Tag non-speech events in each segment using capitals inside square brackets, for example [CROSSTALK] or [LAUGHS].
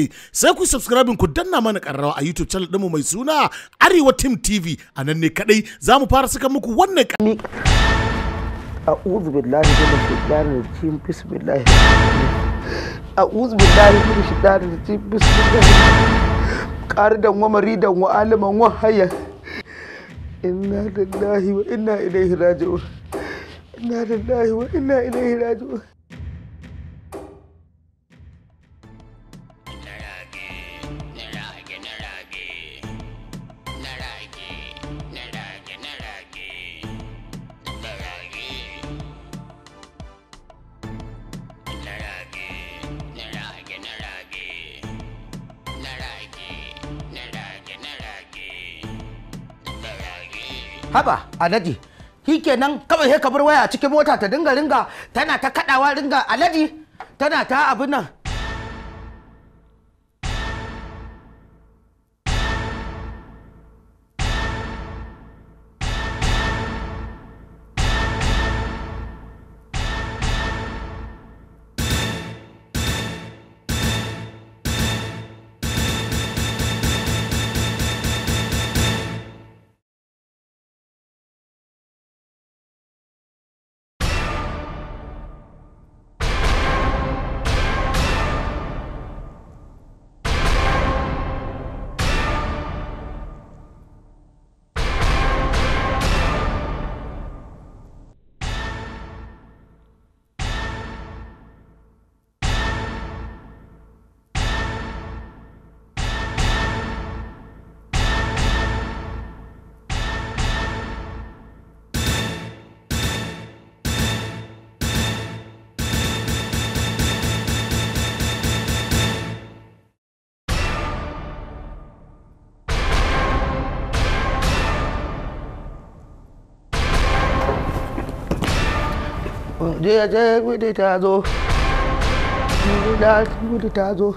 Eh, sai ku subscribe ku danna mana karrawa a YouTube channel ɗinmu mai suna Arewa Team TV a nan ne kadai za mu fara saka muku wannan kami a'udhu billahi min shaitanir rajim bismillah a'udhu billahi min shaitanir rajim bismillah qaridan wa maridan wa aliman wa hayya inna lillahi wa inna ilaihi raji'un inna lillahi wa inna ilaihi raji'un haba alhaji nan kawai sai ka bar waya cikin mota ta dinga ringa tana ta kadawa ringa aladi tana ta abin nan je je gudu ta zo gudu ta zo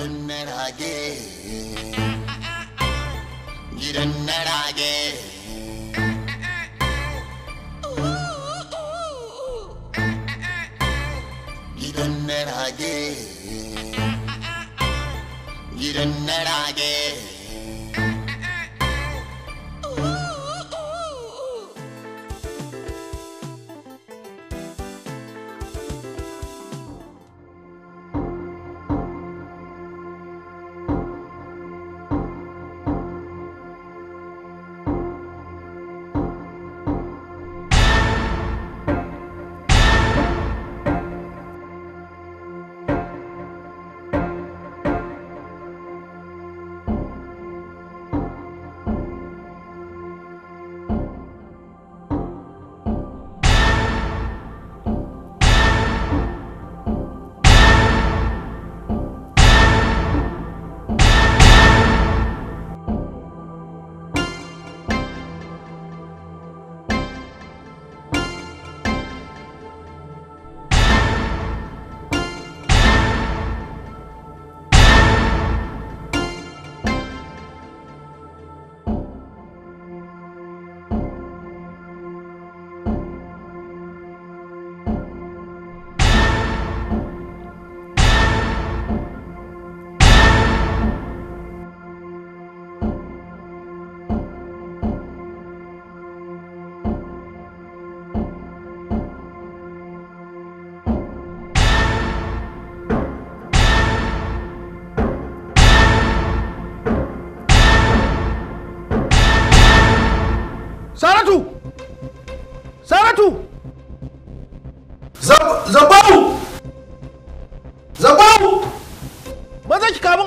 You didn't know I did. You didn't I did.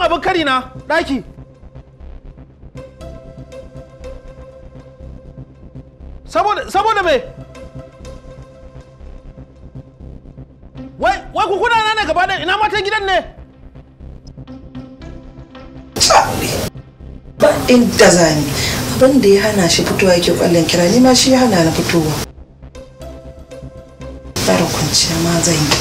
min abin kari na ɗaki saboda me wai wai na ne gaba ina matan gidan ne ba inda zani abin da ya hana shi fitowa yake kwallon kira ni ma shi ya hana na fitowa tsara kwanciya ma zan yi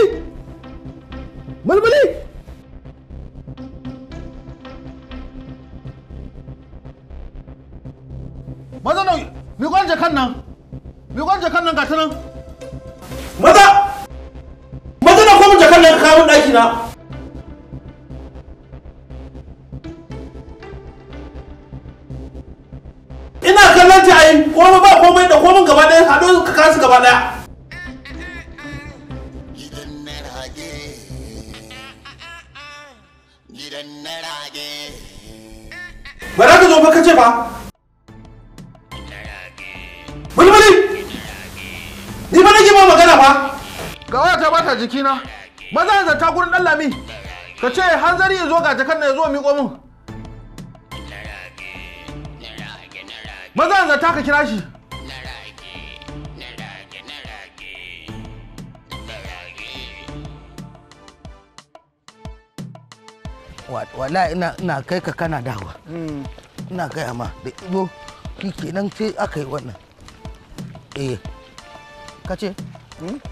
jakan nan mai kwan jakan nan gata nan maza maza na kwamin jakan nan kawo daki na ina kallon ta yi komai ba komai da komin gaba ɗaya haɗo ka kasu gaba ɗaya Bara ka zo ba ka ce ba a jikina maza zata gurin dan lami ka ce hanzari ya zo ga jakar na ya zo miƙo min maza zata ka kira shi wala ina ina kai ka kana dawa mm. ina kai amma da ido kike nan sai aka yi wannan eh ka ce mm?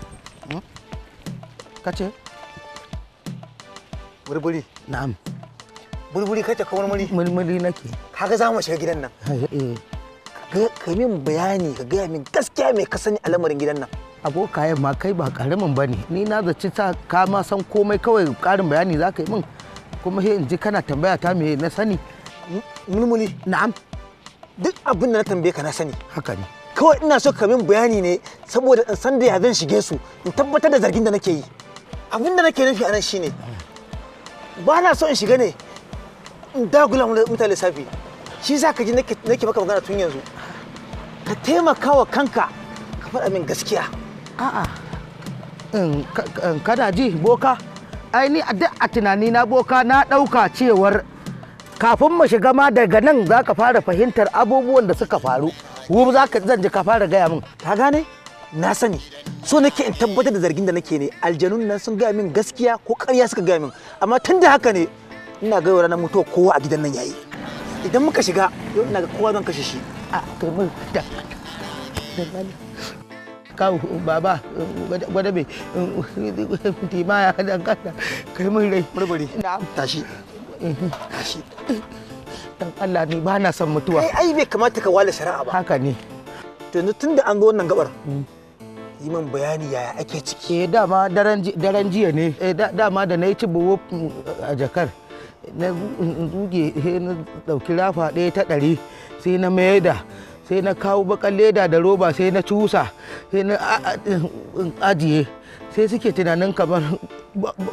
kace burburi na'am burburi kace ka murmuri murmuri nake kaga za mu shiga gidan nan eh, eh. ka min bayani ka gaya min gaskiya me ka sani a lamarin gidan nan abokaye ma kai ba karamin bane ni na zaci ta ka ma san komai kawai karin bayani za ka yi min kuma sai in ji kana tambaya ta me na sani mulmuli na'am duk abin da na tambaye ka na sani haka ne kawai ina so ka min bayani ne saboda in san da ya zan shige su in tabbatar da zargin da nake yi abin da nake nufi anan shine ba na so in shiga ne in dagula mutane lissafi shi za ka ji nake maka magana tun yanzu ka taimaka wa kanka ka faɗa min gaskiya a'a kana ji boka ai ni a tunani na boka na ɗauka cewar kafin mu shiga ma daga nan za ka fara fahimtar abubuwan da suka faru wum za ka zan ji ka fara gaya min ka gane na sani so nake in tabbatar da zargin da nake ne aljanun nan sun gaya min gaskiya ko ƙarya suka gaya min amma tun da haka ne ina ga yau ranar mutuwa kowa a gidan nan yayi idan muka shiga yau ina ga kowa zan kashe shi a kai mun da kawo baba gwada ma ya dan kasa kai mun rai murmuri tashi mhm. tashi dan Allah ni ba na son mutuwa ai bai kamata ka wale shari'a ba haka ne to tunda an ga wannan gabar mm. yi min bayani yaya ake ciki eh dama daren jiya ne eh dama da na yi cibo a jakar na zuge na dauki rafa ɗaya ta ɗari sai na maida sai na kawo bakan leda da roba sai na cusa sai na ajiye sai suke tunanin kamar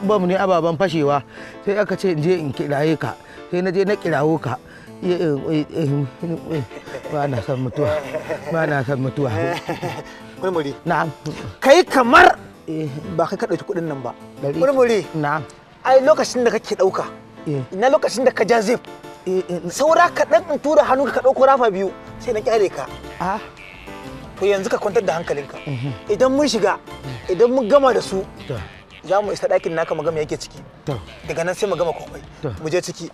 bam ne ababen fashewa sai aka ce in je in kiraye ka sai na je na kirawo ka eh, eh, eh, ba na san mutuwa ba na san mutuwa [LAUGHS] murmuri na'am kai kamar eh, ba kai ka ɗauki kuɗin nan ba murmuri na. ai lokacin da kake ɗauka eh. na lokacin da ka ja zip eh, saura kaɗan in tura hannu ka ɗauko rafa biyu sai na kyale ka ah. to yanzu ka kwantar da hankalinka mhm. idan mun shiga idan mun gama da su za mu isa ɗakin naka magama yake ciki daga nan sai mu gama kwakwai mu je ciki